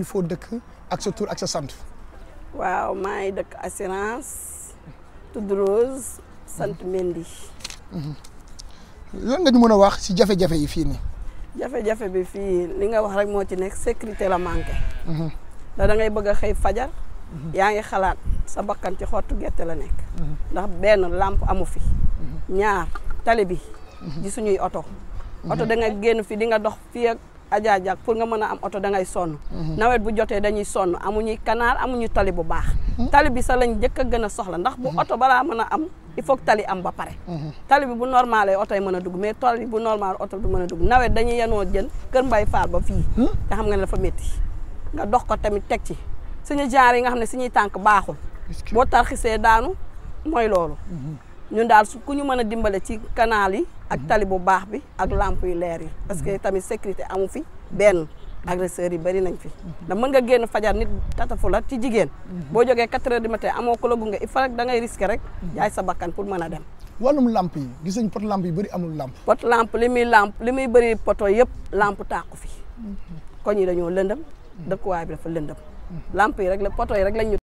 fi foo dëkk ak sa tour ak sa sant. waaw maa ngi dëkk assurance. tudd Rose sant mendi lan nga ñu mën a wax si jafe-jafe yi fii nii. jafe-jafe bi fii li nga wax rek moo ci nekk sécurité la manqué. Mhm. da da ngay bëgg a xëy fajar. Mhm. yaa ngi xalaat sa bakkan ci xottu gerte la nekk. Mhm. ndax benn lampe amu fi. ñaar tali bi. di suñuy oto. oto da nga génn fi di nga dox fii ak Adja pour nga mën a am oto dangay sonn mhm. nawet bu jotee dañuy sonn amuñuy kanaar amuñu tali bu baax mhm. tali bi sa lañ njëkk a gën a soxla ndax bu mhm. oto balaa mën a am il faut tali am ba pare tali bi bu normal oto yi mën a dugg mais tali bu normal oto du mën a dugg nawet dañuy yenoo jën kër mbay faar ba fii nga hmm? xam nga ne dafa métti nga dox ko tamit teg ci suñu jaar yi nga xam ne suñuy tànk baaxul boo tarxisee daanu mooy loolu ñun daal su ku ñu mën a dimbale ci canal yi ak mhm. tali bu baax bi ak lampe yu leer yi parce que mhm. tamit sécurité amu fi benn agresseurs yi bari nañ fi mhm. da mën nga génn fajar nit tatafu la ci jigéen boo jógee quatre heures du matin amoo ko la gunge il faut rek da ngay risquer rek yaay sa bakkan pour mën a dem walum lamp yi gis nañ pot lamp yi bëri amul lamp pot lamp li muy lamp li muy bëri poto yëpp lamp tàqu fi koñ yi dañoo lëndëm dëkkuwaay bi dafa lëndëm lamp yi rek la poto yi rek lañ